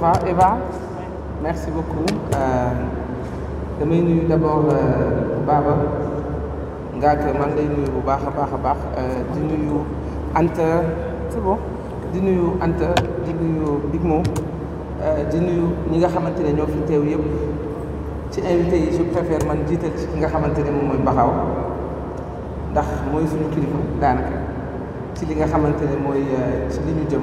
va Eva merci beaucoup euh, damay nuyu d' abord euh, Baba Ngaaka maa ngi lay nuyu bu baax a baax a baax euh, di nuyu Anta c'est bon di nuyu Anta di nuyu Big Mo di nuyu ñi nga xamante ne ñoo fi ci invité yi je préfère man jiital ci nga xamanteni ne moy baxaw ndax moy suñu kilifa danaka ci li nga xamanteni moy ci li ñu jëm.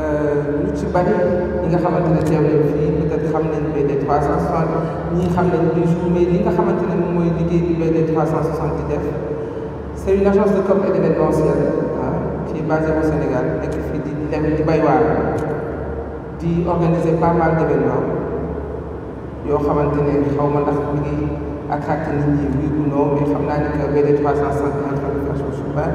ñu euh, ci bari ñi nga xamante ne teew nañ fii peut être xam nañ BD 360 ñii xam nañ du jour mais li nga xamante ne moom mooy liggéey bi BD 360 di def c' est une agence de com et d'événementiel fii basée au Sénégal nekk fii di dem di bay di organiser pas mal d'événements. événements yoo xamante ne xaw ma ndax mi ngi attracté nit ñi mais xam naa ne que BD 360 en train de faire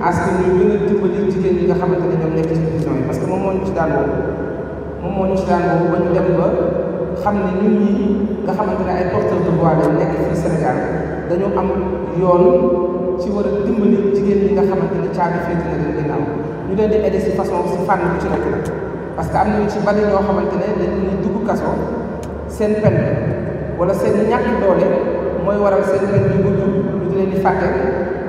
askan ñu gën a dimbali jigéen ne ñoom nekk ci prison yi parce que moom moo ñu moom moo ñu ci dem ba xam ne ñun ñii ay porteurs de voix dañ nekk fii Sénégal yoon ci war a dimbali ñi nga xamante ne caabi ñu leen di aidé si façon si parce que am na ñu xamante ne dañuy dugg kaso seen peine wala seen ñàkk doole mooy waral seen peine yu gudd ñu di leen di fàtte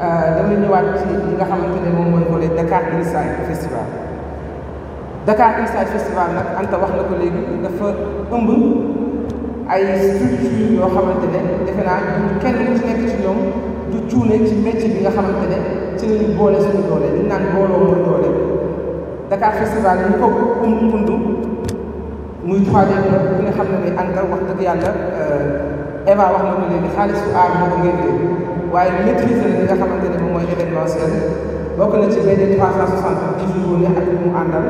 damay ñëwaat ci li nga xamante ne moom mooy volet Dakar Inside Festival Dakar Inside Festival nag Anta wax na ko léegi dafa ëmb ay structure yoo xamante ne defe naa kenn ci nekk ci ñoom du cuune ci métier bi nga xamante ne ci la ñu boole suñu doole li naan booloo mooy doole Dakar Festival ñu ko ëmb undu muy troisième bi bi nga xam ne ni Anta wax dëgg yàlla Eva wax na ko léegi xaalisu aar moo ko ngeen waaye maîtriser li nga xamante ne moom mooy événementiel bokk na ci BD 360 jours ne ak mu àndal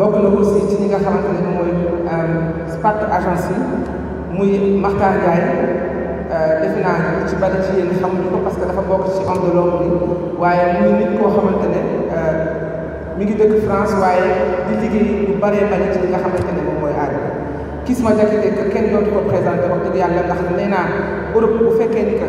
bokk na aussi ci ñi nga xamante ne moom mooy euh, SPAC agence yi muy Makhtar Ndiaye euh, defe naa ci bari ci yéen xamuñu ko parce que dafa bokk ci homme de l'ombre bi waaye muy nit koo xamante ne euh, mi ngi dëkk France waaye di liggéey bu baree bari ci li nga xamante ne moom mooy aar Kisma Diakité que kenn dootu ko présenté wax dëgg yàlla ndax nee naa Europe bu fekkee ni que.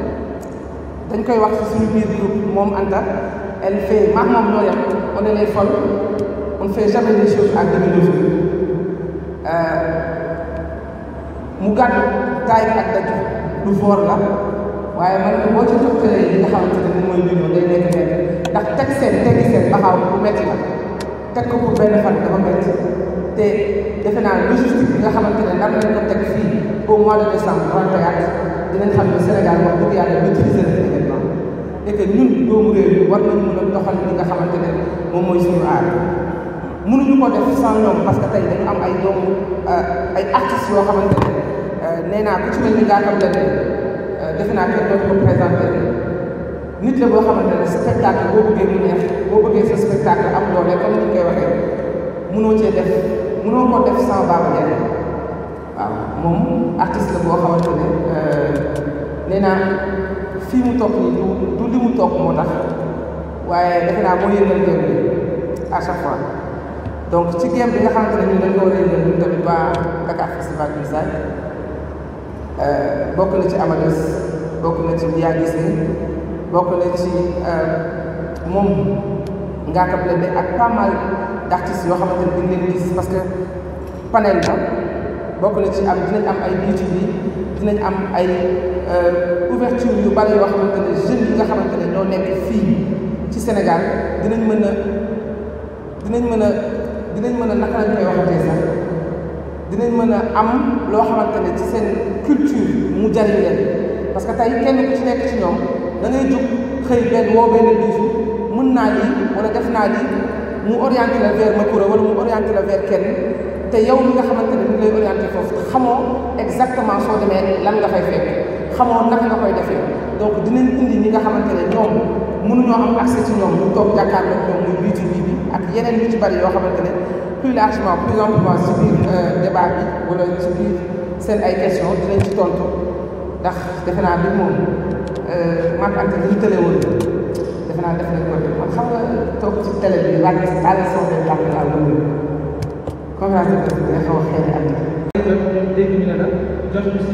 dañ koy wax ci suñu biir groupe moom Anta elle fait maak moom ñoo yem on est les folles on fait jamais des choses à demi-mesure mu gàtt taay ak daju du foor la waaye man boo ci tëkkalee li nga xam ne moom mooy ñun day nekk nekk ndax teg seen tegi seen baxaw bu metti la teg ko pour benn fan dafa metti te defe naa logistique bi nga xamante ne nar nañ ko teg fii au mois de décembre 31 dinañ xam ne Sénégal wax dëgg yàlla maîtriser et que ñun doomu réew mi war nañu mën a doxal li nga xamante ne moom mooy suñu aada mënuñu ko def sans ñoom parce que tey dañu am ay doomu euh, ay xamante ne euh, nee naa ku ci mel ni Ngaaka Blindé euh, defe naa kenn dootu ko présenté nit la boo xamante ne spectacle boo bëggee mu neex boo bëggee sa spectacle am doole comme ni ñu koy waxee mënoo cee def mënoo ko def sans Baba waaw moom artiste la boo xamante ne nee naa. fii mu toog nii du li mu toog moo tax waaye defe naa moo yëngal game bi à chaque fois donc ci game bi nga xamante ne ñun dañoo yëngal ñun tamit waa Dakar Festival du Design euh, bokk na ci Amadeus bokk na ci Dia Guissé bokk na ci euh, moom Ngaaka Blindé ak pas mal d' artistes yoo xamante ne dañ gis parce que panel la bokk na ci am dinañ am ay beauty bi dinañ am ay. Euh, ouverture yu bari yoo xamante ne jeunes yi nga xamante ne ñoo nekk fii ci Sénégal dinañ mën a dinañ mën a dinañ mën a naka lañ koy waxatee sax dinañ mën a am loo xamante ne ci seen culture mu jariñ leen parce que tey kenn ku ci nekk ci ñoom da ngay jóg xëy benn woo benn bisu mën naa lii wala def naa lii mu orienté la vers ma Makura wala mu orienté la vers kenn te yow li nga xamante ne ñu lay orienté foofu xamoo exactement soo demee lan nga fay fekk xamoon naka nga koy defee donc dinañ indi ñi nga xamante ne ñoom mënuñoo am accès ci ñoom ñu toog jàkkaarloog ñoom muy biiti bii bi ak yeneen yu ci bari yoo xamante ne plus largement plus amplement ci biir euh, débat bi wala seen ay questions dinañ ci ndax defe naa bi moom euh, man ak li ñu tële woon defe naa def nañ ko man xam nga toog ci télé bi laaj àll soo koy tàkk daal loolu conférence bi dina xaw a xeex ak dégg ñu ne la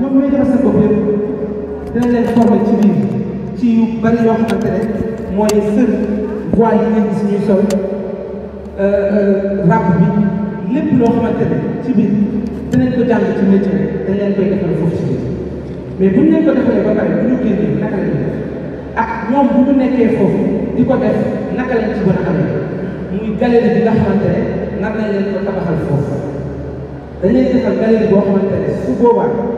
ñoom ñooy defar seen bopp yëpp dinañ leen former ci biir ci bari yoo xamante ne mooy sër voie yi ngeen gis ñuy ràbb bi lépp loo xamante ne ci biir dinañ ko jàng ci dañ leen koy defal foofu ci biir mais bu ñu leen ko defalee ba bu ñu génnee naka lañ def ak ñoom bu ñu nekkee foofu di ko def naka lañ ci gën a amee muy galerie bi nga xamante ne nan lañ leen ko tabaxal foofu dañ leen defal boo xamante ne su boobaa.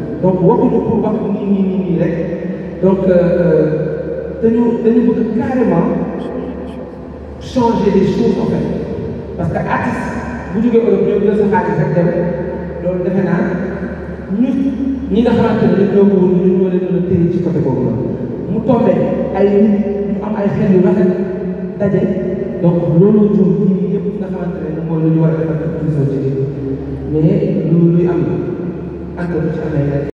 donc waxuñu pour wax nii nii nii nii rek donc euh, euh, dañu dañu bëgg carrément changer les choses en fait parce que artiste bu jógee Europe ñoom ñoo sa xaalis rek dem loolu defe naa ñu ñi nga xamante ne ñoo ko woon ñu ñoo leen mën a téye ci côté boobu la mu tombé ay nit ñu am ay xel yu rafet daje donc loolu jur ñi yëpp nga xamante ne mooy lu ñu war a defal ak mais loolu luy am la ak ci amee rek